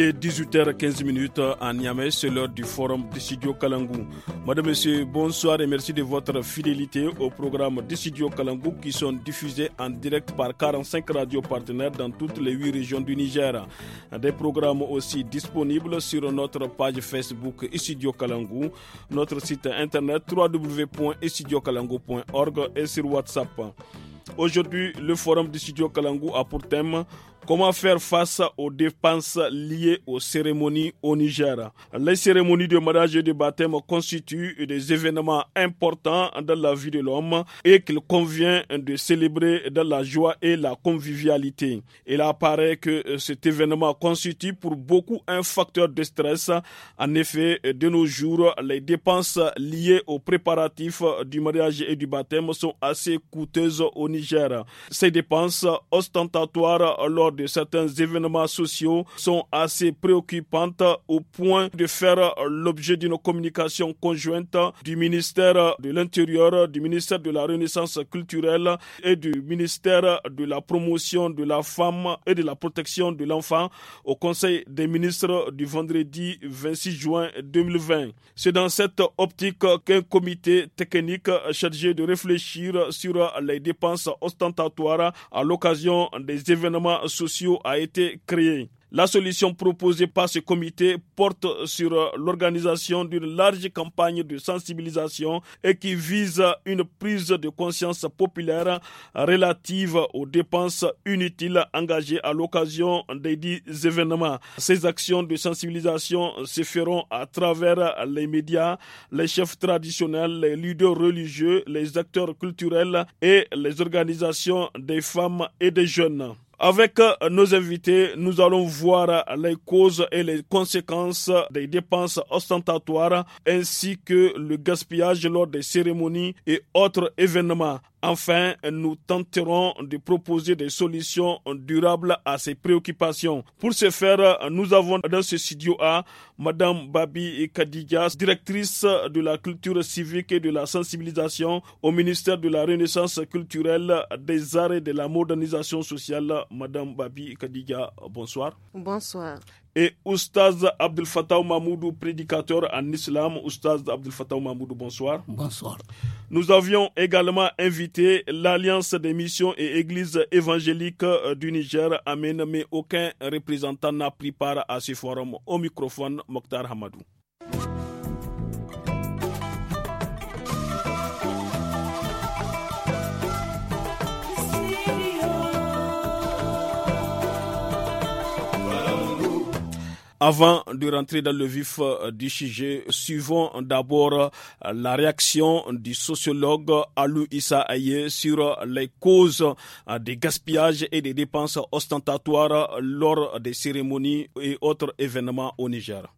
Il est 18h15 à Niamey, c'est l'heure du forum Dissidio Kalangou. Madame, Monsieur, bonsoir et merci de votre fidélité au programme Dissidio Kalangou qui sont diffusés en direct par 45 radios partenaires dans toutes les 8 régions du Niger. Des programmes aussi disponibles sur notre page Facebook Dissidio Kalangou, notre site internet www.dissidiokalangou.org et sur WhatsApp. Aujourd'hui, le forum Dissidio Kalangou a pour thème Comment faire face aux dépenses liées aux cérémonies au Niger Les cérémonies de mariage et de baptême constituent des événements importants dans la vie de l'homme et qu'il convient de célébrer dans la joie et la convivialité. Il apparaît que cet événement constitue pour beaucoup un facteur de stress. En effet, de nos jours, les dépenses liées aux préparatifs du mariage et du baptême sont assez coûteuses au Niger. Ces dépenses ostentatoires lors de certains événements sociaux sont assez préoccupantes au point de faire l'objet d'une communication conjointe du ministère de l'Intérieur, du ministère de la Renaissance culturelle et du ministère de la promotion de la femme et de la protection de l'enfant au Conseil des ministres du vendredi 26 juin 2020. C'est dans cette optique qu'un comité technique chargé de réfléchir sur les dépenses ostentatoires à l'occasion des événements a été créé. La solution proposée par ce comité porte sur l'organisation d'une large campagne de sensibilisation et qui vise une prise de conscience populaire relative aux dépenses inutiles engagées à l'occasion des dix événements. Ces actions de sensibilisation se feront à travers les médias, les chefs traditionnels, les leaders religieux, les acteurs culturels et les organisations des femmes et des jeunes. Avec euh, nos invités, nous allons voir euh, les causes et les conséquences des dépenses ostentatoires ainsi que le gaspillage lors des cérémonies et autres événements. Enfin, nous tenterons de proposer des solutions durables à ces préoccupations. Pour ce faire, nous avons dans ce studio à Madame Babi Kadiga, directrice de la culture civique et de la sensibilisation au ministère de la Renaissance culturelle, des arts et de la modernisation sociale. Madame Babi Kadiga, bonsoir. Bonsoir et Oustaz Abdel Fattah Mahmoudou, prédicateur en islam. Oustaz Abdel Fattah Mahmoudou, bonsoir. Bonsoir. Nous avions également invité l'Alliance des missions et églises évangéliques euh, du Niger, Amen, mais aucun représentant n'a pris part à ce forum. Au microphone, Mokhtar Hamadou. Avant de rentrer dans le vif euh, du sujet, suivons d'abord euh, la réaction du sociologue Alou Issa Aye sur euh, les causes des gaspillages et des dépenses ostentatoires lors des cérémonies et autres événements au Niger.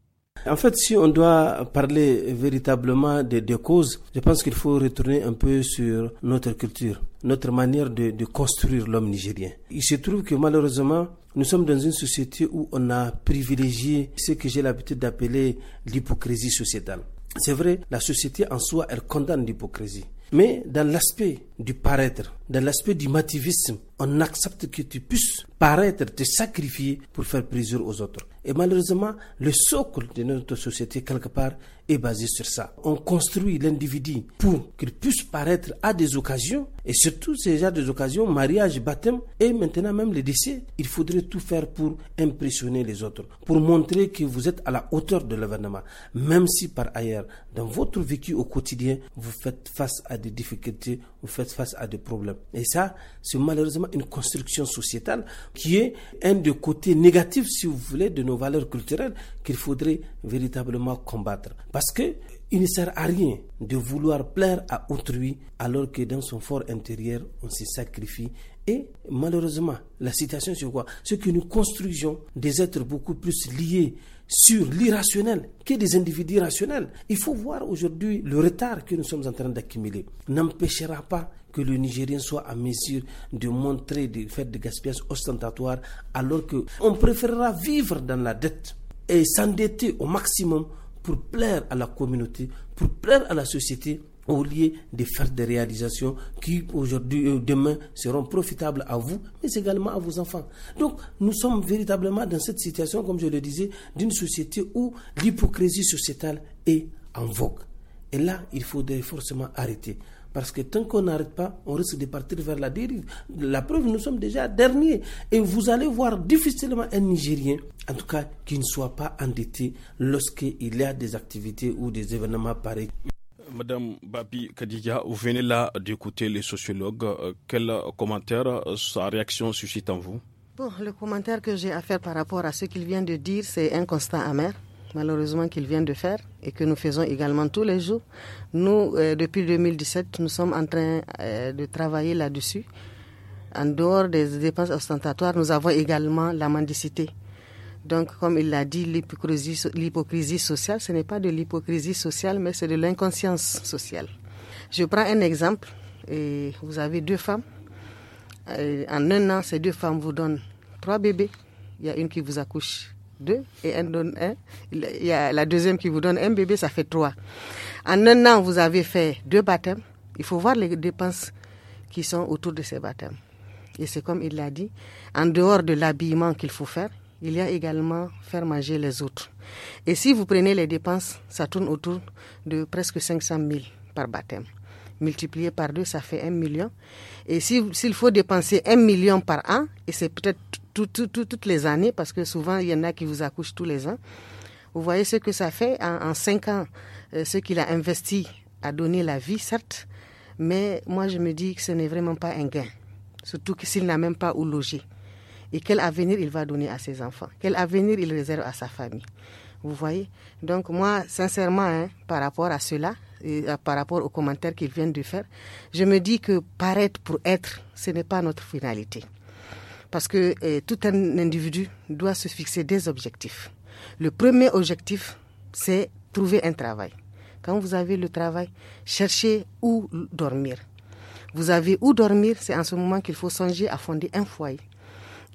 En fait, si on doit parler véritablement des de causes, je pense qu'il faut retourner un peu sur notre culture, notre manière de, de construire l'homme nigérien. Il se trouve que malheureusement, nous sommes dans une société où on a privilégié ce que j'ai l'habitude d'appeler l'hypocrisie sociétale. C'est vrai, la société en soi, elle condamne l'hypocrisie. Mais dans l'aspect du paraître, dans l'aspect du mativisme, on accepte que tu puisses paraître te sacrifier pour faire plaisir aux autres. Et malheureusement, le socle de notre société, quelque part, est basé sur ça. On construit l'individu pour qu'il puisse paraître à des occasions, et surtout ces genres des occasions, mariage, baptême, et maintenant même les décès. Il faudrait tout faire pour impressionner les autres, pour montrer que vous êtes à la hauteur de l'événement, même si par ailleurs, dans votre vécu au quotidien, vous faites face à des difficultés, vous faites face à des problèmes. Et ça, c'est malheureusement une construction sociétale qui est un des côtés négatifs, si vous voulez, de nos valeurs culturelles qu'il faudrait véritablement combattre. Parce que ne sert à rien de vouloir plaire à autrui alors que dans son fort intérieur, on se sacrifie. Et malheureusement, la situation sur quoi Ce que nous construisons des êtres beaucoup plus liés sur l'irrationnel que des individus rationnels. Il faut voir aujourd'hui le retard que nous sommes en train d'accumuler. N'empêchera pas que le Nigérien soit à mesure de montrer, de faire des gaspillages ostentatoires, alors qu'on préférera vivre dans la dette et s'endetter au maximum pour plaire à la communauté, pour plaire à la société, au lieu de faire des réalisations qui aujourd'hui ou euh, demain seront profitables à vous, mais également à vos enfants. Donc nous sommes véritablement dans cette situation, comme je le disais, d'une société où l'hypocrisie sociétale est en vogue. Et là, il faudrait forcément arrêter. Parce que tant qu'on n'arrête pas, on risque de partir vers la dérive. La preuve, nous sommes déjà derniers. Et vous allez voir difficilement un Nigérien, en tout cas, qui ne soit pas endetté lorsqu'il y a des activités ou des événements pareils. Madame Babi Kadija, vous venez là d'écouter les sociologues. Euh, quel commentaire euh, sa réaction suscite en vous Bon, le commentaire que j'ai à faire par rapport à ce qu'il vient de dire, c'est un constat amer malheureusement qu'il vient de faire et que nous faisons également tous les jours. Nous, euh, depuis 2017, nous sommes en train euh, de travailler là-dessus. En dehors des dépenses ostentatoires, nous avons également la mendicité. Donc, comme il l'a dit, l'hypocrisie sociale, ce n'est pas de l'hypocrisie sociale, mais c'est de l'inconscience sociale. Je prends un exemple. Et vous avez deux femmes. Euh, en un an, ces deux femmes vous donnent trois bébés. Il y a une qui vous accouche deux et un donne un. Il y a la deuxième qui vous donne un bébé, ça fait trois. En un an, vous avez fait deux baptêmes. Il faut voir les dépenses qui sont autour de ces baptêmes. Et c'est comme il l'a dit, en dehors de l'habillement qu'il faut faire, il y a également faire manger les autres. Et si vous prenez les dépenses, ça tourne autour de presque 500 000 par baptême. Multiplié par deux, ça fait un million. Et s'il faut dépenser un million par an, et c'est peut-être toutes les années, parce que souvent, il y en a qui vous accouchent tous les ans. Vous voyez ce que ça fait en, cinq ans, euh, ce qu'il a investi à donner la vie, certes, mais moi, je me dis que ce n'est vraiment pas un gain, surtout s'il n'a même pas où loger. Et quel avenir il va donner à ses enfants Quel avenir il réserve à sa famille Vous voyez Donc moi, sincèrement, hein, par rapport à cela, euh, par rapport aux commentaires qu'il viennent de faire, je me dis que paraître pour être, ce n'est pas notre finalité. Parce que eh, tout un individu doit se fixer des objectifs. Le premier objectif, c'est trouver un travail. Quand vous avez le travail, cherchez où dormir. Vous avez où dormir, c'est en ce moment qu'il faut songer à fonder un foyer.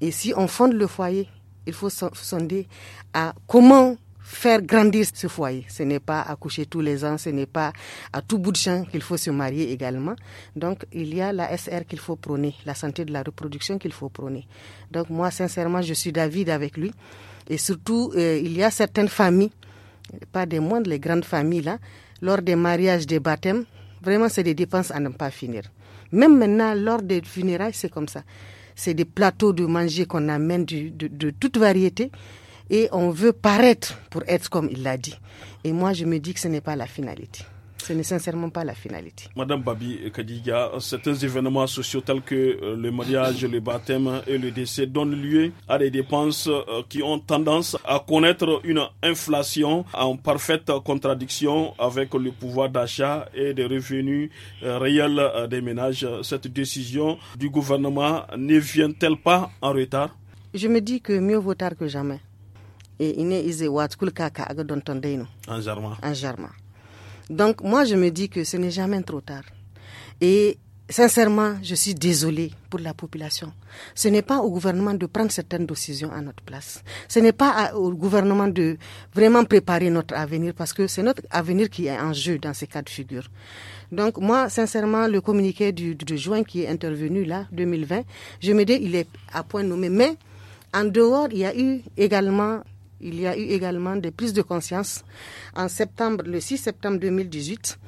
Et si on fonde le foyer, il faut sonder à comment faire grandir ce foyer. Ce n'est pas accoucher tous les ans, ce n'est pas à tout bout de champ qu'il faut se marier également. Donc, il y a la SR qu'il faut prôner, la santé de la reproduction qu'il faut prôner. Donc, moi, sincèrement, je suis David avec lui. Et surtout, euh, il y a certaines familles, pas des moindres, les grandes familles, là, hein, lors des mariages, des baptêmes, vraiment, c'est des dépenses à ne pas finir. Même maintenant, lors des funérailles, c'est comme ça. C'est des plateaux de manger qu'on amène de, de toute variété et on veut paraître pour être comme il l'a dit. Et moi, je me dis que ce n'est pas la finalité. Ce n'est sincèrement pas la finalité. Madame Babi Kadiga, certains événements sociaux tels que euh, le mariage, le baptême et le décès donnent lieu à des dépenses euh, qui ont tendance à connaître une inflation en parfaite contradiction avec le pouvoir d'achat et des revenus euh, réels des ménages. Cette décision du gouvernement ne vient-elle pas en retard Je me dis que mieux vaut tard que jamais et il n'est wat kulka ka aga don donc moi je me dis que ce n'est jamais trop tard et sincèrement je suis désolée pour la population ce n'est pas au gouvernement de prendre certaines décisions à notre place ce n'est pas au gouvernement de vraiment préparer notre avenir parce que c'est notre avenir qui est en jeu dans ces cas de figure donc moi, sincèrement, le communiqué du, de juin qui est intervenu là, 2020, je me dis il est à point nommé. Mais en dehors, il y a eu également il y a eu également des prises de conscience. En septembre, le 6 septembre 2018,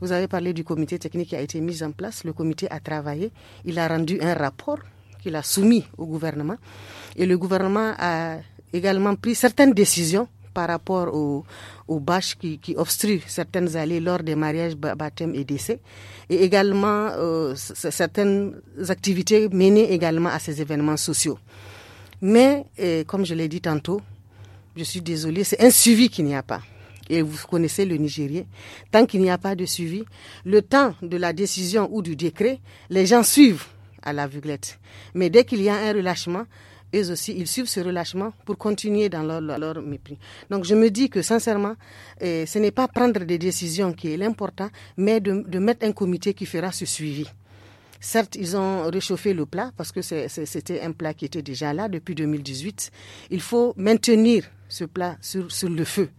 vous avez parlé du comité technique qui a été mis en place. Le comité a travaillé. Il a rendu un rapport qu'il a soumis au gouvernement. Et le gouvernement a également pris certaines décisions par rapport aux, aux bâches qui, obstruent certaines allées lors des mariages, baptêmes et décès, et également euh, certaines activités menées également à ces événements sociaux. Mais, comme je l'ai dit tantôt, je suis désolé, c'est un suivi qu'il n'y a pas. Et vous connaissez le Nigérien. Tant qu'il n'y a pas de suivi, le temps de la décision ou du décret, les gens suivent à la l'aveuglette. Mais dès qu'il y a un relâchement, eux aussi, ils suivent ce relâchement pour continuer dans leur, mépris. Donc je me dis que sincèrement, euh, ce n'est pas prendre des décisions qui est l'important, mais de mettre un comité qui fera ce suivi. Certes, ils ont réchauffé le plat parce que c'était un plat qui était déjà là depuis 2018. Il faut maintenir ce plat sur, sur le feu.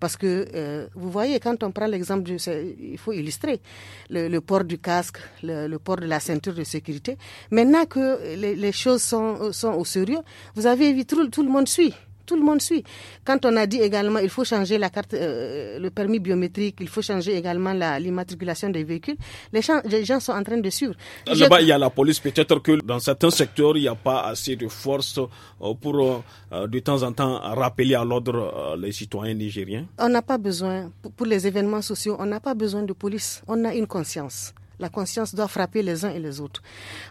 Parce que euh, vous voyez, quand on prend l'exemple, il faut illustrer le, port du casque, le, port de la ceinture de sécurité. Maintenant que les, choses sont, sont, au sérieux, vous avez vu, tout le monde suit tout le monde suit. Quand on a dit également il faut changer la carte, euh, le permis biométrique, il faut changer également l'immatriculation des véhicules, les gens, sont en train de suivre. Ah, là-bas, il y a la police. Peut-être que dans certains secteurs, il n'y a pas assez de force euh, pour euh, de temps en temps rappeler à l'ordre les citoyens nigériens. On n'a pas besoin, pour les événements sociaux, on n'a pas besoin de police. On a une conscience la conscience doit frapper les uns et les autres.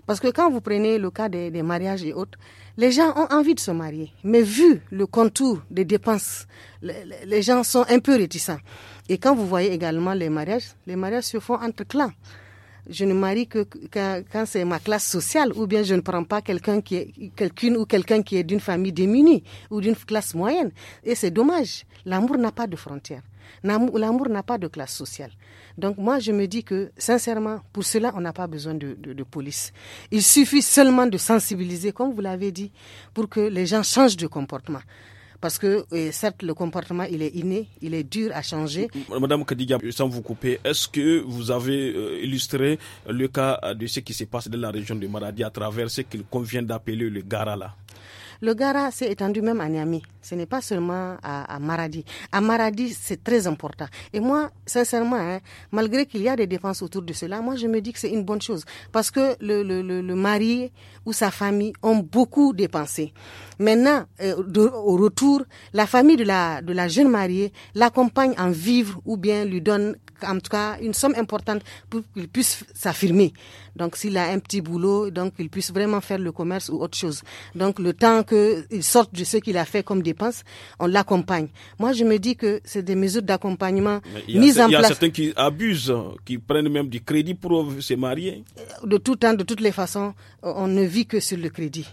Parce que quand vous prenez le cas des mariages et autres, les gens ont envie de se marier, mais vu le contour des dépenses, les gens sont un peu réticents. Et quand vous voyez également les mariages, les mariages se font entre clans. Je ne marie que quand, c'est ma classe sociale, ou bien je ne prends pas quelqu'un qui est quelqu'une ou quelqu'un qui est d'une famille démunie ou d'une classe moyenne. Et c'est dommage. L'amour n'a pas de frontières. L'amour n'a pas de classe sociale. Donc moi, je me dis que, sincèrement, pour cela, on n'a pas besoin de, police. Il suffit seulement de sensibiliser, comme vous l'avez dit, pour que les gens changent de comportement. Parce que, euh, certes, le comportement, il est inné, il est dur à changer. Madame Kadiga, sans vous couper, est-ce que vous avez euh, illustré le cas de ce qui se passe dans la région de Maradi à travers ce qu'il convient d'appeler le Gara le Gara s'est étendu même à Niamey ce n'est pas seulement à, à, Maradi. À Maradi, c'est très important. Et moi, sincèrement, hein, malgré qu'il y a des dépenses autour de cela, moi, je me dis que c'est une bonne chose parce que le, le, le, mari ou sa famille ont beaucoup dépensé. Maintenant, euh, au retour, la famille de la, de la jeune mariée l'accompagne en vivre ou bien lui donne en tout cas une somme importante pour qu'il puisse s'affirmer. Donc s'il a un petit boulot, donc qu'il puisse vraiment faire le commerce ou autre chose. Donc le temps qu'il sorte de ce qu'il a fait comme des dépenses, on l'accompagne. Moi, je me dis que c'est des mesures d'accompagnement mises en place. Il y a certains qui abusent, qui prennent même du crédit pour se marier. Euh, de tout temps, de toutes les façons, euh, on ne vit que sur le crédit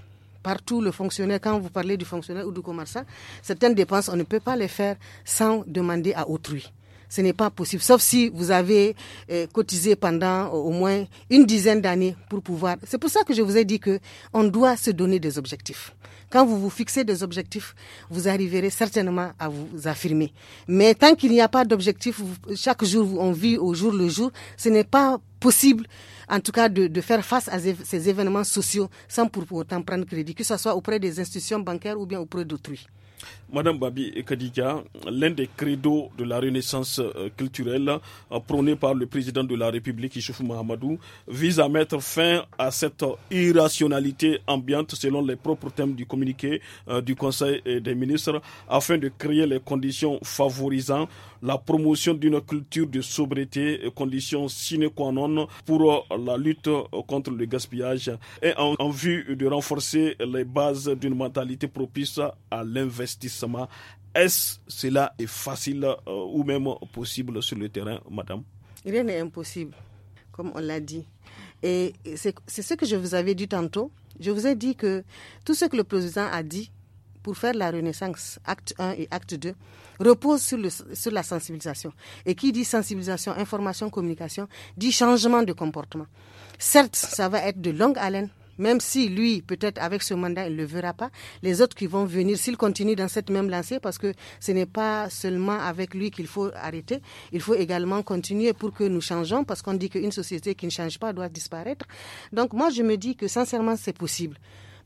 partout le fonctionnaire, quand vous parlez du fonctionnaire ou du commerçant, certaines dépenses, on ne peut pas les faire sans demander à autrui. Ce n'est pas possible, sauf si vous avez euh, cotisé pendant au moins une dizaine d'années pour pouvoir. C'est pour ça que je vous ai dit que on doit se donner des objectifs. Quand vous vous fixez des objectifs, vous arriverez certainement à vous affirmer. Mais tant qu'il n'y a pas d'objectif, chaque jour on vit au jour le jour, ce n'est pas possible, en tout cas, de, de, faire face à ces événements sociaux sans pour autant prendre crédit, que ce soit auprès des institutions bancaires ou bien auprès d'autrui. Madame Babi Kadika, l'un des credos de la renaissance euh, culturelle euh, prônée par le président de la République, Issoufou Mahamadou, vise à mettre fin à cette irrationalité ambiante selon les propres thèmes du communiqué euh, du Conseil des ministres afin de créer les conditions favorisant la promotion d'une culture de sobriété, condition sine qua non pour la lutte contre le gaspillage et en vue de renforcer les bases d'une mentalité propice à l'investissement est-ce cela est facile euh, ou même possible sur le terrain, madame Rien n'est impossible, comme on l'a dit. Et c'est ce que je vous avais dit tantôt. Je vous ai dit que tout ce que le président a dit pour faire la Renaissance, acte 1 et acte 2, repose le, sur la sensibilisation. Et qui dit sensibilisation, information, communication, dit changement de comportement. Certes, ça va être de longue haleine, même si lui, peut-être avec ce mandat, il ne le verra pas, les autres qui vont venir, s'il continue dans cette même lancée, parce que ce n'est pas seulement avec lui qu'il faut arrêter, il faut également continuer pour que nous changeons, parce qu'on dit qu'une société qui ne change pas doit disparaître. Donc moi, je me dis que sincèrement, c'est possible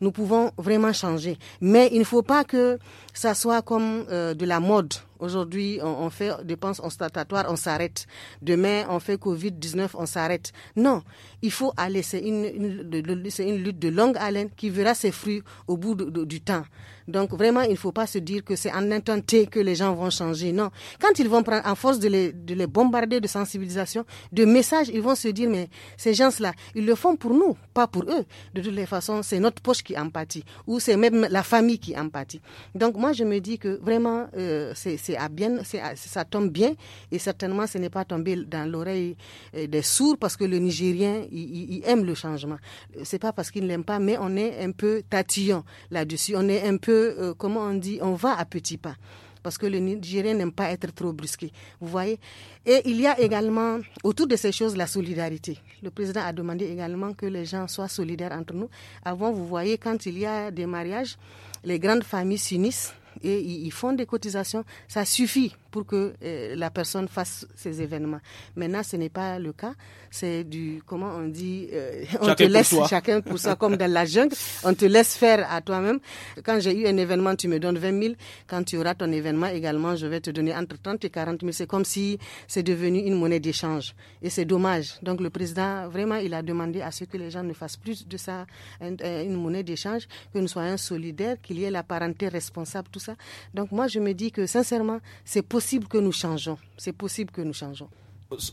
nous pouvons vraiment changer. Mais il ne faut pas que ça soit comme euh, de la mode. Aujourd'hui, on, fait fait dépenses constatatoires, on s'arrête. Demain, on fait Covid-19, on s'arrête. Non, il faut aller. C'est une, lutte de longue haleine qui verra ses fruits au bout du temps. Donc vraiment, il ne faut pas se dire que c'est en T que les gens vont changer. Non. Quand ils vont prendre, en force de les, bombarder de sensibilisation, de messages, ils vont se dire, mais ces gens-là, ils le font pour nous, pas pour eux. De toutes les façons, c'est notre poche qui empathie, ou c'est même la famille qui empathie. Donc moi, je me dis que vraiment, euh, c'est c'est à bien, ça tombe bien et certainement ce n'est pas tombé dans l'oreille euh, des sourds parce que le Nigérien, il, aime le changement. C'est pas parce qu'il l'aime pas, mais on est un peu tatillon là-dessus. On est un peu, euh, comment on dit, on va à petits pas parce que le Nigérien n'aime pas être trop brusqué. Vous voyez Et il y a également, autour de ces choses, la solidarité. Le président a demandé également que les gens soient solidaires entre nous. Avant, vous voyez, quand il y a des mariages, les grandes familles s'unissent et ils font des cotisations, ça suffit pour que euh, la personne fasse ces événements. Maintenant, ce n'est pas le cas. C'est du, comment on dit, euh, on te laisse chacun pour ça comme dans la jungle. On te laisse faire à toi-même. Quand j'ai eu un événement, tu me donnes 20 000. Quand tu auras ton événement également, je vais te donner entre 30 et 40 000. C'est comme si c'est devenu une monnaie d'échange. Et c'est dommage. Donc, le président, vraiment, il a demandé à ce que les gens ne fassent plus de ça euh, une, monnaie d'échange, que nous soyons solidaires, qu'il y ait la parenté responsable, tout ça. Donc, moi, je me dis que, sincèrement, c'est possible c'est possible que nous changeons. C'est possible que nous changeons.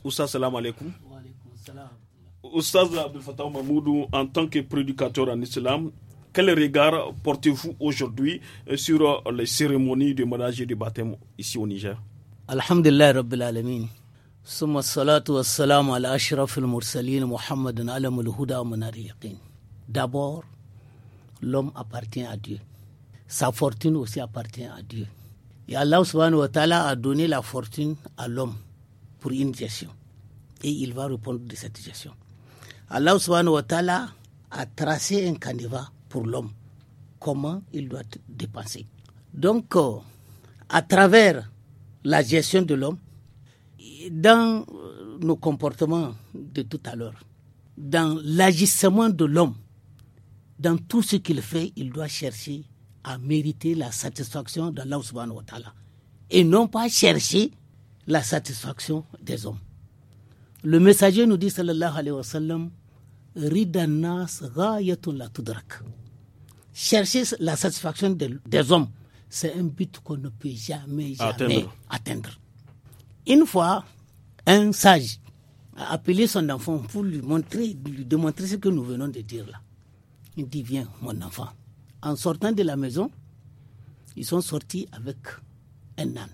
Oussa, salam alaikum. Abdel Fattah Mahmoudou, en tant que prédicateur en islam, quel regard portez-vous aujourd'hui euh, sur euh, les cérémonies de mariage et de baptême ici au Niger Alhamdulillah Rabbil Alamin. ثم الصلاة والسلام Ala أشرف المرسلين محمد علم الهدى D'abord, l'homme appartient à Dieu. Sa fortune aussi appartient à Dieu. Et Allah a donné la fortune à l'homme pour une gestion. Et il va répondre de cette gestion. Allah a tracé un canevas pour l'homme. Comment il doit dépenser. Donc, euh, à travers la gestion de l'homme, dans euh, nos comportements de tout à l'heure, dans l'agissement de l'homme, dans tout ce qu'il fait, il doit chercher à mériter la satisfaction d'Allah subhanahu wa ta'ala et non pas chercher la satisfaction des hommes. Le messager nous dit sallallahu alayhi wa sallam la Chercher la satisfaction des hommes, c'est un but qu'on ne peut jamais, jamais atteindre. Une fois, un sage a appelé son enfant pour lui montrer, lui démontrer ce que nous venons de dire là. Il dit Viens, mon enfant en sortant de la maison, ils sont sortis avec un âne.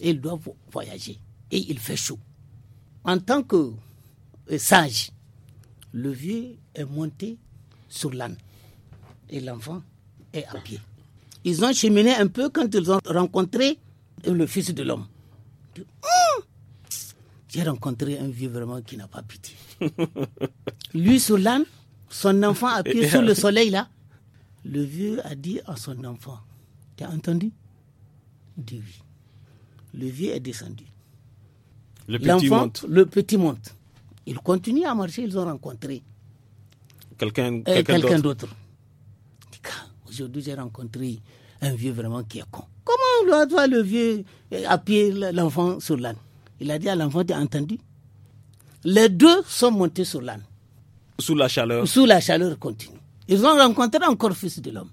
Et ils doivent voyager. Et il fait chaud. En tant que euh, sage, le vieux est monté sur l'âne. Et l'enfant est à pied. Ils ont cheminé un peu quand ils ont rencontré le fils de l'homme. Oh! J'ai rencontré un vieux vraiment qui n'a pas pitié. Lui sur l'âne, son enfant à pied sur le soleil là, le vieux a dit à son enfant, as entendu Le vieux est descendu. Le petit monte. Le petit monte. Il continue à marcher, ils ont rencontré quelqu'un euh, quelqu'un d'autre. Aujourd'hui, j'ai rencontré un vieux vraiment qui est con. Comment doit le vieux appuyer euh, l'enfant sur l'âne Il a dit à l'enfant, t'as entendu Les deux sont montés sur l'âne. Sous la chaleur Sous la chaleur continue. Ils ont rencontré encore Fils de l'homme.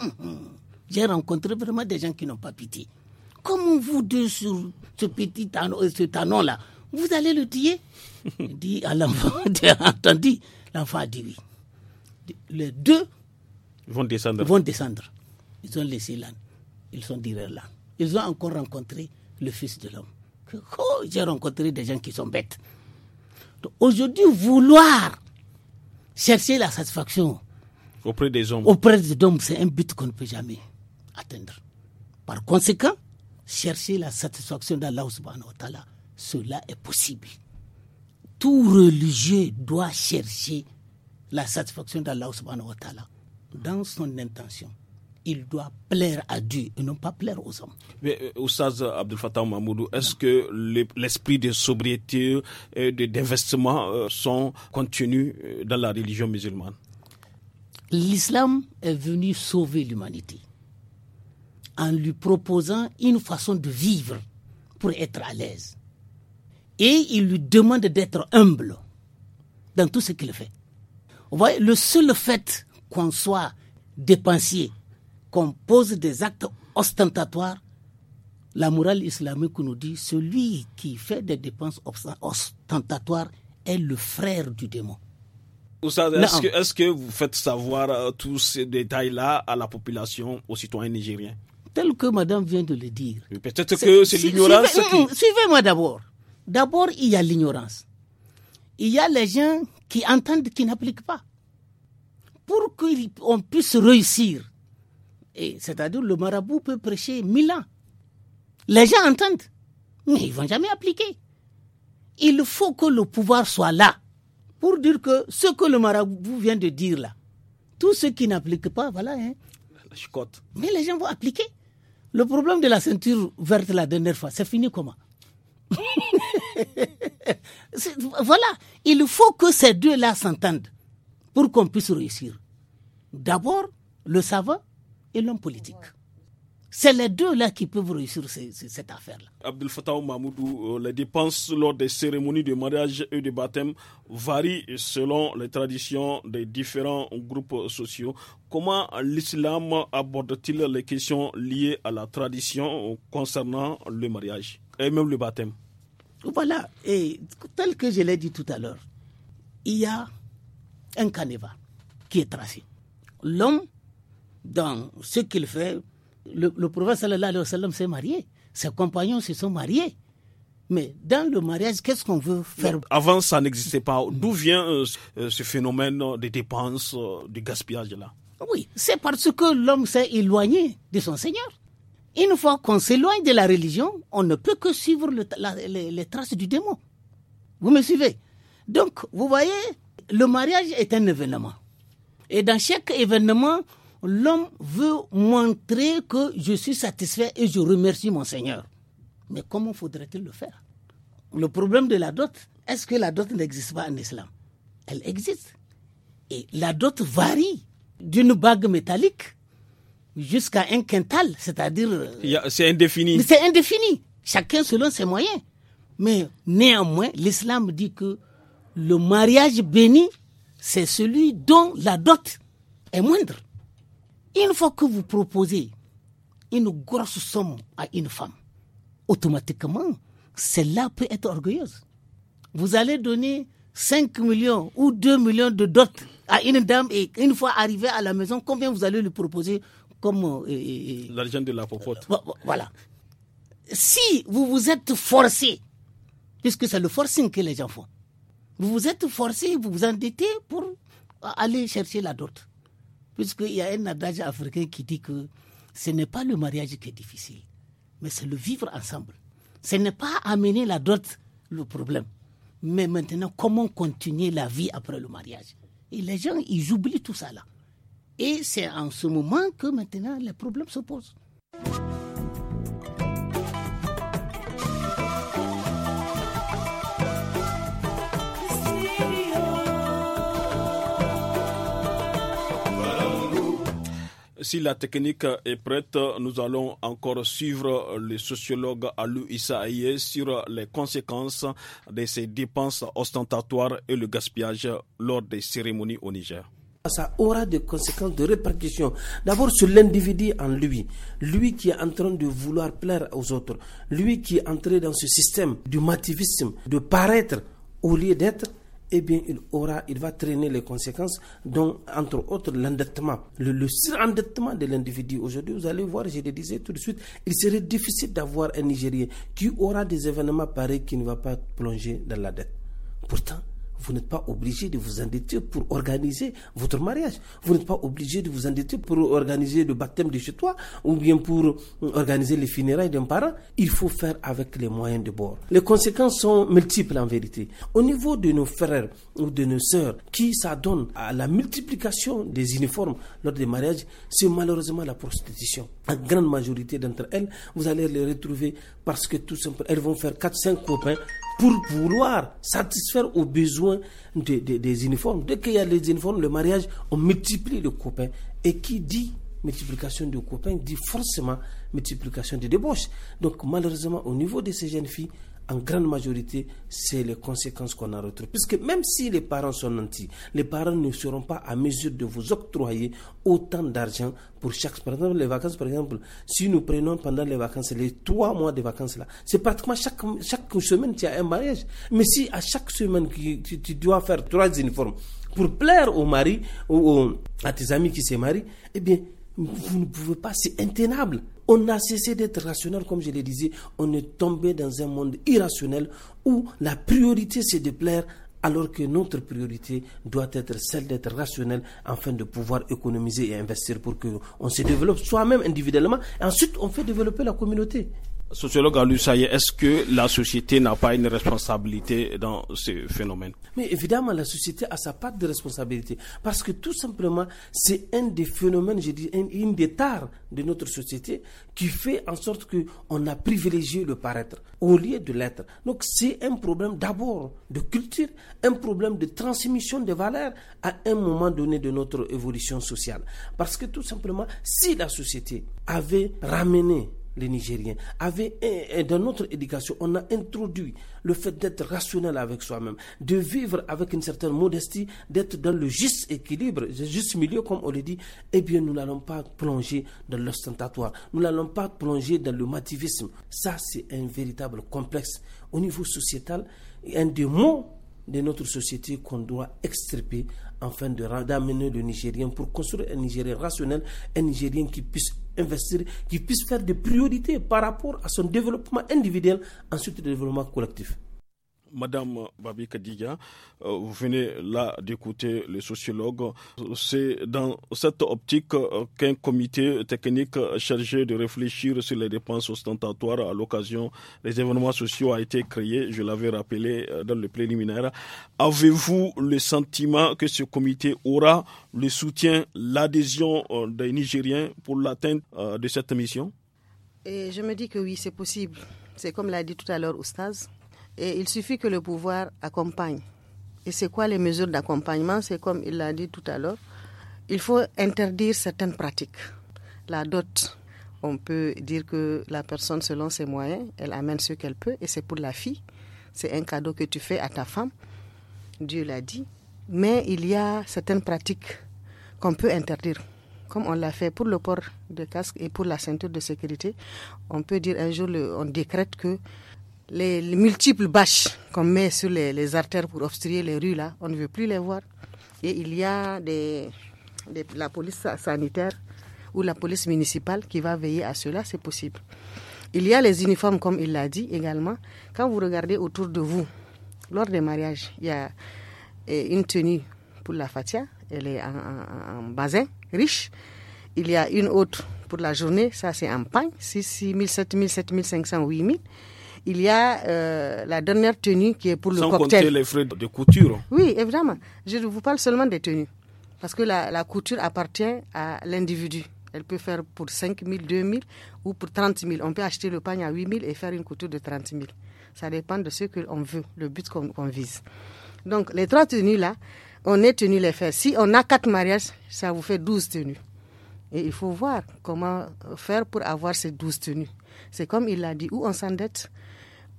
Mmh, mmh, mmh. J'ai rencontré vraiment des gens qui n'ont pas pitié. Comment vous deux sur ce petit tanon, euh, ce tanon-là, vous allez le tuer dit à l'enfant, entendu L'enfant a dit oui. Les deux vont descendre. Vont descendre. Ils ont laissé l'âne. Ils sont derrière là. Ils ont encore rencontré le Fils de l'homme. Oh, j'ai rencontré des gens qui sont bêtes. Aujourd'hui, vouloir chercher la satisfaction auprès des hommes, auprès des hommes, c'est un but qu'on ne peut jamais atteindre. Par conséquent, chercher la satisfaction d'Allah subhanahu wa ta'ala, cela est possible. Tout religieux doit chercher la satisfaction d'Allah subhanahu wa ta'ala dans son intention il doit plaire à Dieu et non pas plaire aux hommes. Mais euh, Oussaz Abdel Fattah est-ce que l'esprit de sobriété et euh, d'investissement euh, sont contenus dans la religion musulmane L'islam est venu sauver l'humanité en lui proposant une façon de vivre pour être à l'aise. Et il lui demande d'être humble dans tout ce qu'il fait. Vous voyez, le seul fait qu'on soit dépensier, qu'on des actes ostentatoires, la morale islamique nous dit celui qui fait des dépenses ostentatoires est le frère du démon. Est-ce que, vous faites savoir euh, tous ces détails-là à la population, aux citoyens nigériens Tel que madame vient de le dire. Peut-être que c'est l'ignorance. Euh, euh, suivez-moi d'abord. D'abord, il y a l'ignorance. Il y a les gens qui entendent, qui n'appliquent pas. Pour qu'on puisse réussir c'est-à-dire le marabout peut prêcher mille ans. Les gens entendent, mais ils vont jamais appliquer. Il faut que le pouvoir soit là pour dire que ce que le marabout vient de dire là, tous ceux qui n'appliquent pas, voilà. Hein. Mais les gens vont appliquer. Le problème de la ceinture verte la dernière fois, c'est fini comment Voilà, il faut que ces deux-là s'entendent pour qu'on puisse réussir. D'abord, le savant et l'homme politique. C'est les deux-là qui peuvent réussir cette affaire-là. Abdel Fattah Mahmoudou, euh, les dépenses lors des cérémonies de mariage et de baptême varient selon les traditions des différents groupes sociaux. Comment l'islam aborde-t-il les questions liées à la tradition concernant le mariage et même le baptême Voilà, et tel que je l'ai dit tout à l'heure, il y a un canevas qui est tracé. L'homme dans ce qu'il fait, le, le prophète sallallahu alayhi wa sallam s'est marié. Ses compagnons se sont mariés. Mais dans le mariage, qu'est-ce qu'on veut faire Avant, ça n'existait pas. D'où vient euh, euh, ce phénomène euh, des dépenses, du gaspillage là Oui, c'est parce que l'homme s'est éloigné de son Seigneur. Une fois qu'on s'éloigne de la religion, on ne peut que suivre les, traces du démon. Vous me suivez Donc, vous voyez, le mariage est un événement. Et dans chaque événement, l'homme veut montrer que je suis satisfait et je remercie mon Seigneur. Mais comment faudrait-il le faire Le problème de la dot, est-ce que la dot n'existe pas en islam Elle existe. Et la dot varie d'une bague métallique jusqu'à un quintal, c'est-à-dire... Euh, c'est indéfini. C'est indéfini. Chacun selon ses moyens. Mais néanmoins, l'islam dit que le mariage béni, c'est celui dont la dot est moindre. Une fois que vous proposez une grosse somme à une femme, automatiquement, celle-là peut être orgueilleuse. Vous allez donner 5 millions ou 2 millions de dot à une dame et une fois arrivée à la maison, combien vous allez lui proposer comme... Euh, euh, euh, L'argent de la popote. Voilà. Si vous vous êtes forcé, puisque c'est le forcing que les gens font, vous vous êtes forcé, vous vous endettez pour aller chercher la dot. Puisqu'il y a un adage africain qui dit que ce n'est pas le mariage qui est difficile, mais c'est le vivre ensemble. Ce n'est pas amener la dot le problème, mais maintenant comment continuer la vie après le mariage. Et les gens, ils oublient tout ça là. Et c'est en ce moment que maintenant les problèmes se posent. Si la technique est prête, nous allons encore suivre le sociologue Alou Issaïe sur les conséquences de ces dépenses ostentatoires et le gaspillage lors des cérémonies au Niger. Ça aura des conséquences de répercussion. D'abord sur l'individu en lui, lui qui est en train de vouloir plaire aux autres, lui qui est entré dans ce système du mativisme, de paraître au lieu d'être eh bien, il aura, il va traîner les conséquences, dont, entre autres, l'endettement. Le, le surendettement de l'individu. Aujourd'hui, vous allez voir, je le disais tout de suite, il serait difficile d'avoir un Nigérien qui aura des événements pareils qui ne va pas plonger dans la dette. Pourtant, vous n'êtes pas obligé de vous endetter pour organiser votre mariage. Vous n'êtes pas obligé de vous endetter pour organiser le baptême de chez toi ou bien pour organiser les funérailles d'un parent. Il faut faire avec les moyens de bord. Les conséquences sont multiples en vérité. Au niveau de nos frères ou de nos sœurs qui s'adonnent à la multiplication des uniformes lors des mariages, c'est malheureusement la prostitution. La grande majorité d'entre elles, vous allez les retrouver parce que tout simplement, elles vont faire 4-5 copains pour vouloir satisfaire aux besoins des uniformes. Dès qu'il y a les uniformes, le mariage, on multiplie le copain. Et qui dit multiplication de copains dit forcément multiplication de débauches. Donc malheureusement, au niveau de ces jeunes filles, en grande majorité, c'est les conséquences qu'on a retrouvées. Puisque même si les parents sont nantis, les parents ne seront pas à mesure de vous octroyer autant d'argent pour chaque. Par exemple, les vacances, par exemple, si nous prenons pendant les vacances, les trois mois de vacances là, c'est pratiquement chaque, chaque semaine y a un mariage. Mais si à chaque semaine tu, tu, dois faire trois uniformes pour plaire au mari ou, ou à tes amis qui se marient, eh bien, vous ne pouvez pas, c'est intenable. On a cessé d'être rationnel, comme je le disais, on est tombé dans un monde irrationnel où la priorité c'est de plaire alors que notre priorité doit être celle d'être rationnel afin de pouvoir économiser et investir pour qu'on se développe soi-même individuellement. Et ensuite, on fait développer la communauté sociologue à y est-ce que la société n'a pas une responsabilité dans ce phénomène Mais évidemment, la société a sa part de responsabilité. Parce que tout simplement, c'est un des phénomènes, je dis, une des tares de notre société qui fait en sorte qu'on a privilégié le paraître au lieu de l'être. Donc c'est un problème d'abord de culture, un problème de transmission de valeurs à un moment donné de notre évolution sociale. Parce que tout simplement, si la société avait ramené les Nigériens, avaient dans notre éducation, on a introduit le fait d'être rationnel avec soi-même, de vivre avec une certaine modestie, d'être dans le juste équilibre, le juste milieu, comme on le dit, eh bien, nous n'allons pas plonger dans l'ostentatoire, nous n'allons pas plonger dans le mativisme. Ça, c'est un véritable complexe au niveau sociétal, un des mots de notre société qu'on doit extirper afin d'amener le Nigérien pour construire un Nigérien rationnel, un Nigérien qui puisse investir, qui puisse faire des priorités par rapport à son développement individuel, ensuite le développement collectif. Madame Babi Kadiga, euh, vous venez là d'écouter les sociologues. C'est dans cette optique euh, qu'un comité technique chargé de réfléchir sur les dépenses ostentatoires à l'occasion des événements sociaux a été créé. Je l'avais rappelé euh, dans le préliminaire. Avez-vous le sentiment que ce comité aura le soutien, l'adhésion des Nigériens pour l'atteinte de cette mission Et Je me dis que oui, c'est possible. C'est comme l'a dit tout à l'heure Oustaz et il suffit que le pouvoir accompagne. Et c'est quoi les mesures d'accompagnement C'est comme il l'a dit tout à l'heure, il faut interdire certaines pratiques. La dot, on peut dire que la personne, selon ses moyens, elle amène ce qu'elle peut, et c'est pour la fille. C'est un cadeau que tu fais à ta femme. Dieu l'a dit. Mais il y a certaines pratiques qu'on peut interdire. Comme on l'a fait pour le port de casque et pour la ceinture de sécurité, on peut dire un jour, on décrète que les, multiples bâches qu'on met sur les, les, artères pour obstruer les rues, là, on ne veut plus les voir. Et il y a des, la police sanitaire ou la police municipale qui va veiller à cela, c'est possible. Il y a les uniformes, comme il l'a dit également. Quand vous regardez autour de vous, lors des mariages, il y a eh, une tenue pour la fatia, elle est en, en, en basin, riche. Il y a une autre pour la journée, ça c'est en pagne, 6 000, 7 000, 7 500, 8 000 il y a euh, la dernière tenue qui est pour le cocktail. Sans compter les frais de couture. Oui, évidemment. Je ne vous parle seulement des tenues. Parce que la, couture appartient à l'individu. Elle peut faire pour 5 000, 2 000 ou pour 30 000. On peut acheter le pagne à 8 000 et faire une couture de 30 000. Ça dépend de ce qu'on veut, le but qu'on vise. Donc, les trois tenues-là, on est tenu les faire. Si on a quatre mariages, ça vous fait 12 tenues. Et il faut voir comment faire pour avoir ces 12 tenues. C'est comme il l'a dit, où on s'endette,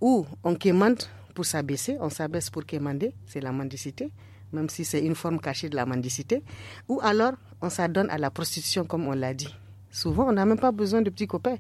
ou on quémande pour s'abaisser, on s'abaisse pour quémander, c'est la mendicité, même si c'est une forme cachée de la mendicité, ou alors on s'adonne à la prostitution comme on l'a dit. Souvent, on n'a même pas besoin de petits copains.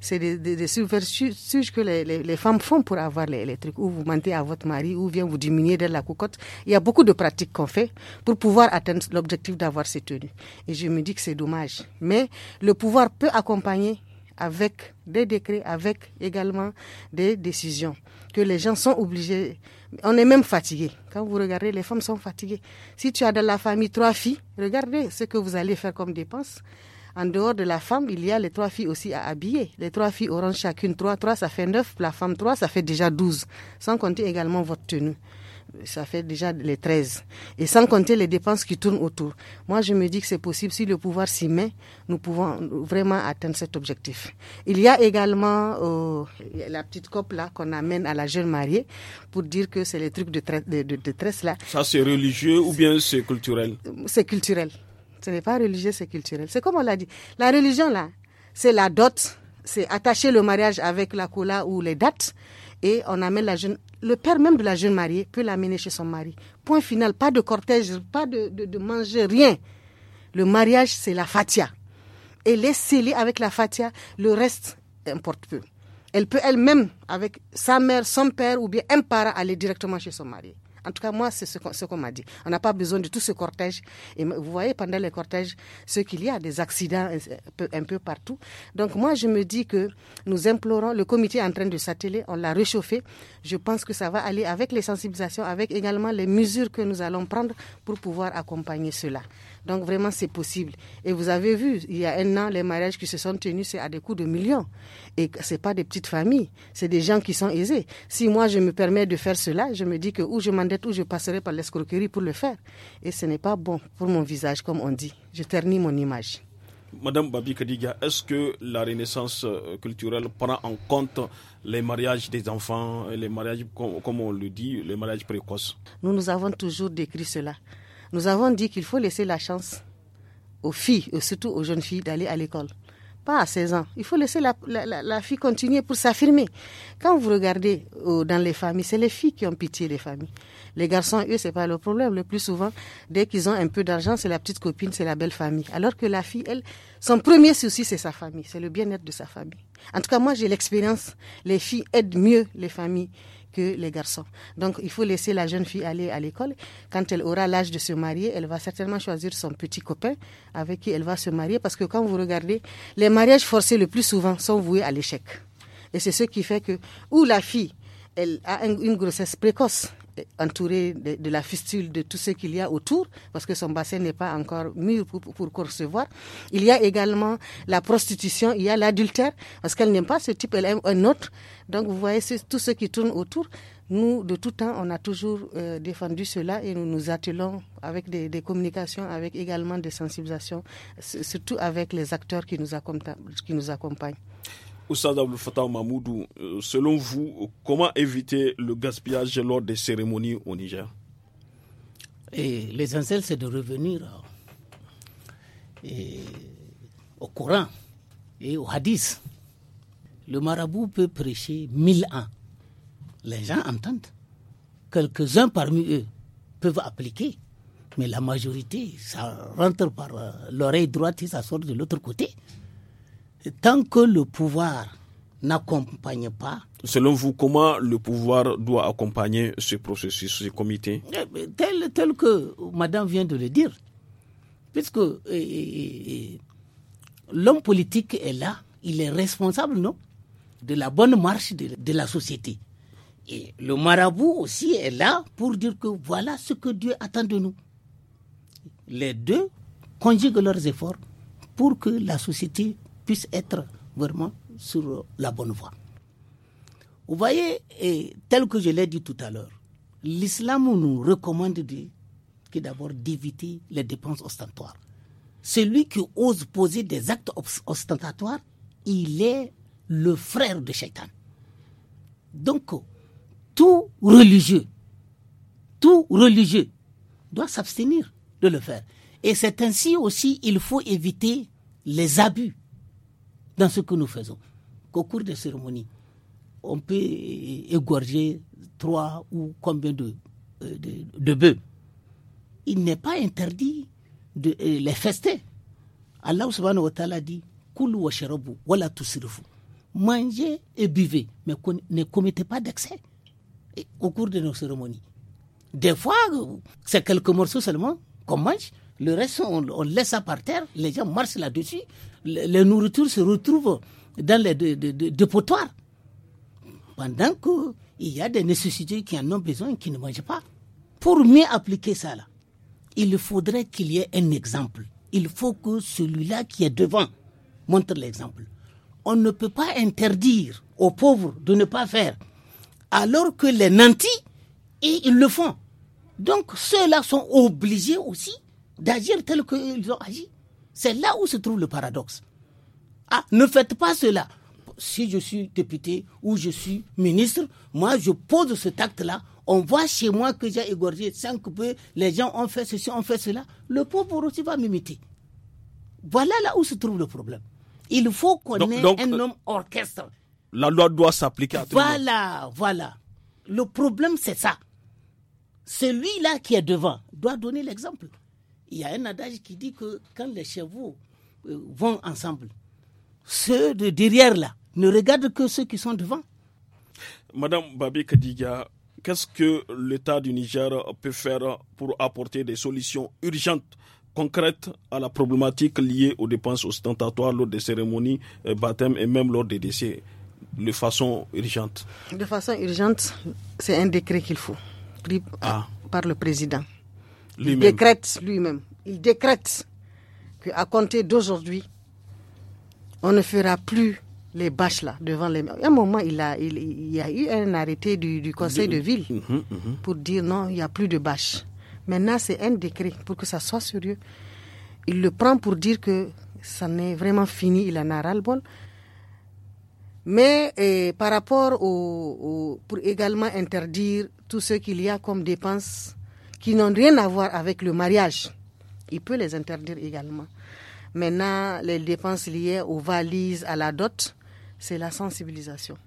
C'est des, des, des que les, femmes font pour avoir les, trucs, ou vous mentez à votre mari, ou vient vous diminuer de la cocotte. Il y a beaucoup de pratiques qu'on fait pour pouvoir atteindre l'objectif d'avoir ces tenues. Et je me dis que c'est dommage. Mais le pouvoir peut accompagner avec des décrets, avec également des décisions, que les gens sont obligés. On est même fatigué. Quand vous regardez, les femmes sont fatiguées. Si tu as dans la famille trois filles, regardez ce que vous allez faire comme dépense En dehors de la femme, il y a les trois filles aussi à habiller. Les trois filles auront chacune trois, trois, ça fait neuf. La femme trois, ça fait déjà douze. Sans compter également votre tenue ça fait déjà les 13. Et sans compter les dépenses qui tournent autour. Moi, je me dis que c'est possible. Si le pouvoir s'y met, nous pouvons vraiment atteindre cet objectif. Il y a également euh, la petite cope là qu'on amène à la jeune mariée pour dire que c'est les trucs de, de, de, là. Ça, c'est religieux ou bien c'est culturel C'est culturel. Ce n'est pas religieux, c'est culturel. C'est comme on l'a dit. La religion là, c'est la dot, c'est attacher le mariage avec la cola ou les dates et on amène la jeune le père même de la jeune mariée peut l'amener chez son mari. Point final, pas de cortège, pas de, manger, rien. Le mariage, c'est la fatia. Et les avec la fatia, le reste importe peu. Elle peut elle-même, avec sa mère, son père ou bien un parent, aller directement chez son mari. En tout cas, moi, c'est ce qu'on m'a dit. On n'a pas besoin de tout ce cortège. Et vous voyez, pendant les cortèges, ce qu'il y a, des accidents un peu, un peu, partout. Donc, moi, je me dis que nous implorons, le comité est en train de s'atteler, on l'a réchauffé. Je pense que ça va aller avec les sensibilisations, avec également les mesures que nous allons prendre pour pouvoir accompagner cela. Donc vraiment, c'est possible. Et vous avez vu, il y a un an, les mariages qui se sont tenus, c'est à des coûts de millions. Et ce n'est pas des petites familles, c'est des gens qui sont aisés. Si moi, je me permets de faire cela, je me dis que ou je m'endette ou je passerai par l'escroquerie pour le faire. Et ce n'est pas bon pour mon visage, comme on dit. Je ternis mon image. Madame Babi Kadiga, est-ce que la renaissance euh, culturelle prend en compte les mariages des enfants, les mariages, comme on le dit, les mariages précoces Nous, nous avons toujours décrit cela. Nous avons dit qu'il faut laisser la chance aux filles, et surtout aux jeunes filles, d'aller à l'école. Pas à 16 ans. Il faut laisser la, fille continuer pour s'affirmer. Quand vous regardez euh, dans les familles, c'est les filles qui ont pitié des familles. Les garçons, eux, c'est pas le problème. Le plus souvent, dès qu'ils ont un peu d'argent, c'est la petite copine, c'est la belle famille. Alors que la fille, elle, son premier souci, c'est sa famille, c'est le bien-être de sa famille. En tout cas, moi, j'ai l'expérience. Les filles aident mieux les familles les garçons. Donc il faut laisser la jeune fille aller à l'école. Quand elle aura l'âge de se marier, elle va certainement choisir son petit copain avec qui elle va se marier parce que quand vous regardez, les mariages forcés le plus souvent sont voués à l'échec. Et c'est ce qui fait que ou la fille, elle a une grossesse précoce entouré de, la fistule de tout ce qu'il y a autour, parce que son bassin n'est pas encore mûr pour, pour, recevoir. Il y a également la prostitution, il y a l'adultère, parce qu'elle n'aime pas ce type, elle aime un autre. Donc vous voyez, c'est tout ce qui tourne autour. Nous, de tout temps, on a toujours euh, défendu cela et nous nous attelons avec des, communications, avec également des sensibilisations, surtout avec les acteurs qui nous, qui nous accompagnent. Oussad Fattah Mahmoudou, euh, selon vous, comment éviter le gaspillage lors des cérémonies au Niger Et L'essentiel, c'est de revenir hein, au Coran et au Hadith. Le marabout peut prêcher mille ans. Les gens entendent. Quelques-uns parmi eux peuvent appliquer, mais la majorité, ça rentre par euh, l'oreille droite et ça sort de l'autre côté tant que le pouvoir n'accompagne pas. Selon vous, comment le pouvoir doit accompagner ce processus, ce comité eh, tel, tel que Madame vient de le dire. Puisque eh, eh, l'homme politique est là, il est responsable, non De la bonne marche de, de la société. Et le marabout aussi est là pour dire que voilà ce que Dieu attend de nous. Les deux conjuguent leurs efforts pour que la société puisse être vraiment sur la bonne voie. Vous voyez, et tel que je l'ai dit tout à l'heure, l'islam nous recommande de, que d'abord d'éviter les dépenses ostentatoires. Celui qui ose poser des actes ostentatoires, il est le frère de Shaitan. Donc, tout religieux, tout religieux doit s'abstenir de le faire. Et c'est ainsi aussi, il faut éviter les abus dans ce que nous faisons. Qu'au cours des cérémonies, on peut égorger trois ou combien de, euh, de, bœufs. Il n'est pas interdit de euh, les fester. Allah subhanahu wa ta'ala dit Kulu wa sharabu, sur vous. » Mangez et buvez, mais ne commettez pas d'excès au cours de nos cérémonies. Des fois, c'est quelques morceaux seulement qu'on mange, le reste, on, on laisse ça par terre, les gens marchent là-dessus, les nourritures se retrouvent dans les dépotoirs. Pendant qu'il y a des nécessités qui en ont besoin et qui ne mangent pas. Pour mieux appliquer ça, il faudrait qu'il y ait un exemple. Il faut que celui-là qui est devant montre l'exemple. On ne peut pas interdire aux pauvres de ne pas faire, alors que les nantis, ils le font. Donc ceux-là sont obligés aussi d'agir tel qu'ils ont agi. C'est là où se trouve le paradoxe. Ah, ne faites pas cela. Si je suis député ou je suis ministre, moi je pose cet acte-là. On voit chez moi que j'ai égorgé cinq peu, les gens ont fait ceci, ont fait cela. Le pauvre aussi va m'imiter. Voilà là où se trouve le problème. Il faut qu'on ait un homme orchestre. La loi doit s'appliquer à tout le monde. Voilà, voilà. Le problème, c'est ça. Celui-là qui est devant doit donner l'exemple. Il y a un adage qui dit que quand les chevaux euh, vont ensemble, ceux de derrière là ne regardent que ceux qui sont devant. Madame Babi Kadiga, qu'est-ce que l'État du Niger peut faire pour apporter des solutions urgentes, concrètes à la problématique liée aux dépenses ostentatoires lors des cérémonies, euh, baptême et même lors des décès de façon urgente De façon urgente, c'est un décret qu'il faut, pris ah. par le président il décrète lui-même, il décrète qu'à compter d'aujourd'hui, on ne fera plus les bâches là devant les À un moment, il, a, il, y a eu un arrêté du, conseil de, ville mm-hmm, mm-hmm. pour dire non, il n'y a plus de bâches. Maintenant, c'est un décret pour que ça soit sérieux. Il le prend pour dire que ça n'est vraiment fini, il en a ras-le-bol. Mais par rapport au, au, pour également interdire tout ce qu'il y a comme dépenses qui n'ont rien à voir avec le mariage. Il peut les interdire également. Maintenant, les dépenses liées aux valises, à la dot, c'est la sensibilisation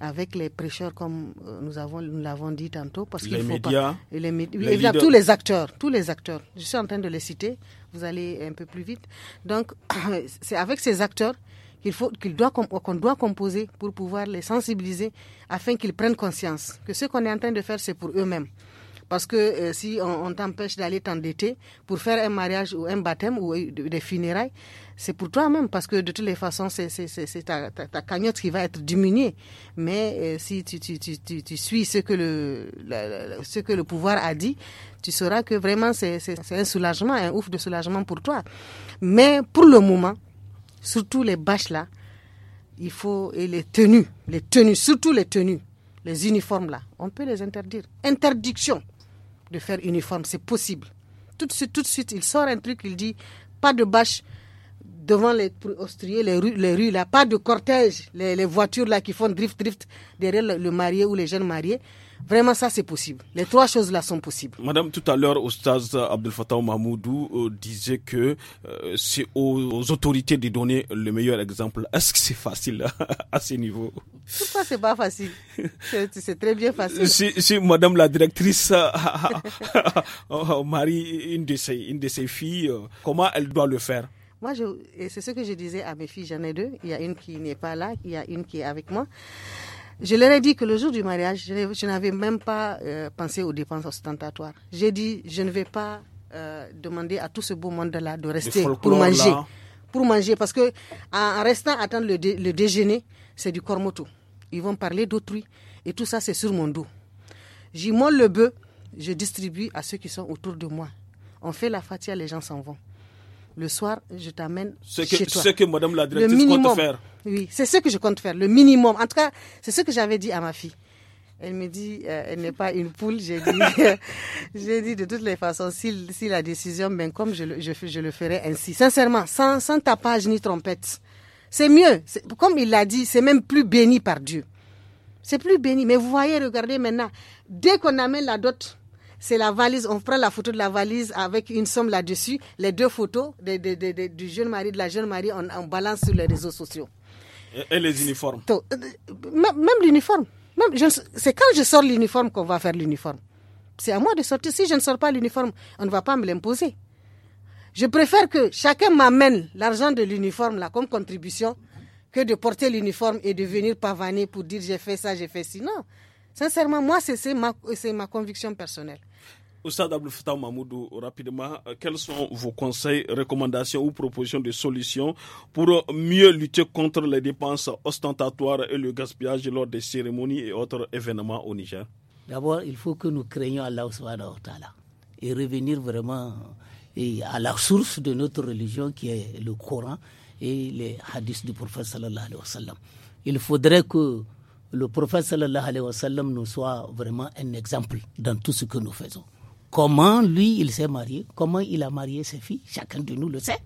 avec les prêcheurs comme euh, nous avons nous l'avons dit tantôt parce qu'il faut médias, pas les, tous les acteurs tous les acteurs je suis en train de les citer vous allez un peu plus vite donc c'est avec ces acteurs qu'il faut qu'il doit qu'on doit composer pour pouvoir les sensibiliser afin qu'ils prennent conscience que ce qu'on est en train de faire c'est pour eux-mêmes parce que euh, si on, t'empêche d'aller t'endetter pour faire un mariage ou un baptême ou euh, des funérailles, c'est pour toi-même, parce que de toutes les façons, c'est ta, cagnotte qui va être diminuée. Mais euh, si tu, tu, suis ce que, le, ce que le pouvoir a dit, tu sauras que vraiment c'est un soulagement, un ouf de soulagement pour toi. Mais pour le moment, surtout les bâches là, il faut, et les tenues, les tenues, surtout les tenues, les uniformes là, on peut les interdire. Interdiction de faire uniforme, c'est possible. Tout de suite, tout de suite, il sort un truc, il dit pas de bâche devant les les rues, les rues pas de cortège, les, voitures là qui font drift drift derrière le marié ou les jeunes mariés. Vraiment, ça, c'est possible. Les trois choses-là sont possibles. Madame, tout à l'heure, Oustaz Abdel Fattah Mahmoudou euh, disait que euh, c'est aux, autorités de donner le meilleur exemple. Est-ce que c'est facile à ce niveau Pourquoi c'est pas facile C'est très bien facile. Si, Madame la directrice marie une de ses, filles, euh, comment elle doit le faire moi, c'est ce que je disais à mes filles, j'en ai deux. Il y a une qui n'est pas là, il y a une qui est avec moi. Je leur ai dit que le jour du mariage, je, n'avais même pas euh, pensé aux dépenses ostentatoires. J'ai dit, je ne vais pas euh, demander à tout ce beau monde-là de rester pour manger. Pour manger, parce que en, à restant attendre le, déjeuner, c'est du cormotou. Ils vont parler d'autrui. Et tout ça, c'est sur mon dos. J'y le bœuf, je distribue à ceux qui sont autour de moi. On fait la fatia, les gens s'en vont le soir, je t'amène chez toi. Ce que Madame la directrice compte faire. Oui, c'est ce que je compte faire, le minimum. En tout cas, c'est ce que j'avais dit à ma fille. Elle me dit, euh, elle n'est pas une poule. J'ai dit, j'ai dit de toutes les façons, si, la décision, ben comme je, le, je, je le ferai ainsi, sincèrement, sans, sans tapage ni trompette. C'est mieux. Comme il l'a dit, c'est même plus béni par Dieu. C'est plus béni. Mais vous voyez, regardez maintenant, dès qu'on amène la dot, c'est la valise, on prend la photo de la valise avec une somme là-dessus, les deux photos de, du jeune mari, de la jeune mari, on, balance sur les réseaux sociaux. Et, les uniformes euh, Même l'uniforme. C'est quand je sors l'uniforme qu'on va faire l'uniforme. C'est à moi de sortir. Si je ne sors pas l'uniforme, on ne va pas me l'imposer. Je préfère que chacun m'amène l'argent de l'uniforme là comme contribution que de porter l'uniforme et de venir pavaner pour dire j'ai fait ça, j'ai fait ci. Non. Sincèrement, moi, c'est ma, ma conviction personnelle. Oustad Fattah Mahmoudou, rapidement, euh, quels sont vos conseils, recommandations ou propositions de solutions pour euh, mieux lutter contre les dépenses ostentatoires et le gaspillage lors des cérémonies et autres événements au Niger D'abord, il faut que nous craignions Allah subhanahu ta'ala et revenir vraiment euh, à la source de notre religion qui est le Coran et les hadiths du prophète sallallahu alayhi wa Il faudrait que le prophète alayhi wa sallam nous soit vraiment un exemple dans tout ce que nous faisons. Comment lui, il s'est marié, comment il a marié ses filles, chacun de nous le sait.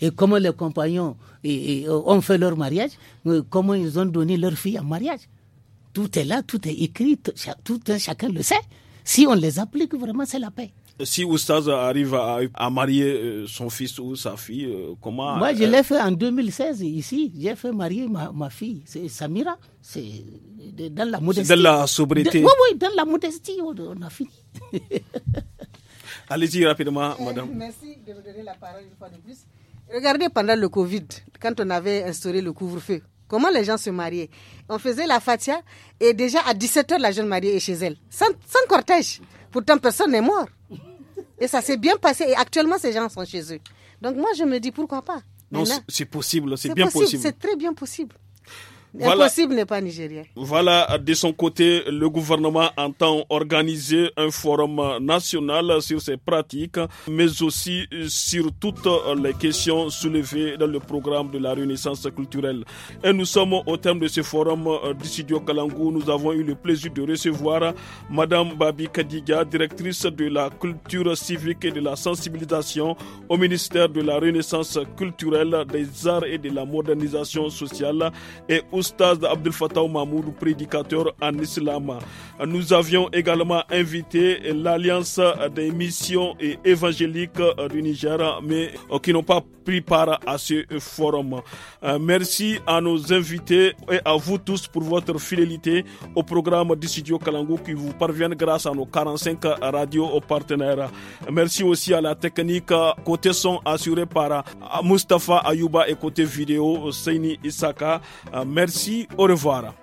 Et comment les compagnons euh, ont fait leur mariage, euh, comment ils ont donné leurs filles en mariage. Tout est là, tout est écrit, tout, chacun le sait. Si on les applique, vraiment, c'est la paix si Oustaz arrive à, marier euh, son fils ou sa fille, euh, comment Moi, je euh, l'ai fait en 2016 ici. J'ai fait marier ma, fille, c'est Samira. C'est dans la modestie. C'est Dans la sobriété. oui, oui, dans la modestie, on a fini. Allez-y rapidement, eh, madame. Merci de me donner la parole une fois de plus. Regardez pendant le Covid, quand on avait instauré le couvre-feu, comment les gens se mariaient. On faisait la fatia et déjà à 17h, la jeune mariée est chez elle, sans cortège. Pourtant, personne n'est mort. Et ça s'est bien passé. Et actuellement, ces gens sont chez eux. Donc moi, je me dis pourquoi pas. Non, c'est possible, c'est bien possible. possible. C'est très bien possible. Voilà. n'est pas nigérien. Voilà, de son côté, le gouvernement entend organiser un forum national sur ces pratiques, mais aussi sur toutes les questions soulevées dans le programme de la Renaissance culturelle. Et nous sommes au terme de ce forum du studio Kalangou. Nous avons eu le plaisir de recevoir Madame Babi Kadiga, directrice de la culture civique et de la sensibilisation au ministère de la Renaissance culturelle, des arts et de la modernisation sociale et Oustaz Abdel Fattah Mahmoud, prédicateur en islam. Nous avions également invité l'Alliance des missions et évangéliques du Niger, mais euh, qui n'ont pas pris part à ce forum. Euh, merci à nos invités et à vous tous pour votre fidélité au programme du studio Kalangou qui vous parviennent grâce à nos 45 radios partenaires. Merci aussi à la technique côté son assuré par Mustafa Ayouba et côté vidéo Seini Isaka. Euh, merci Merci, au revoir.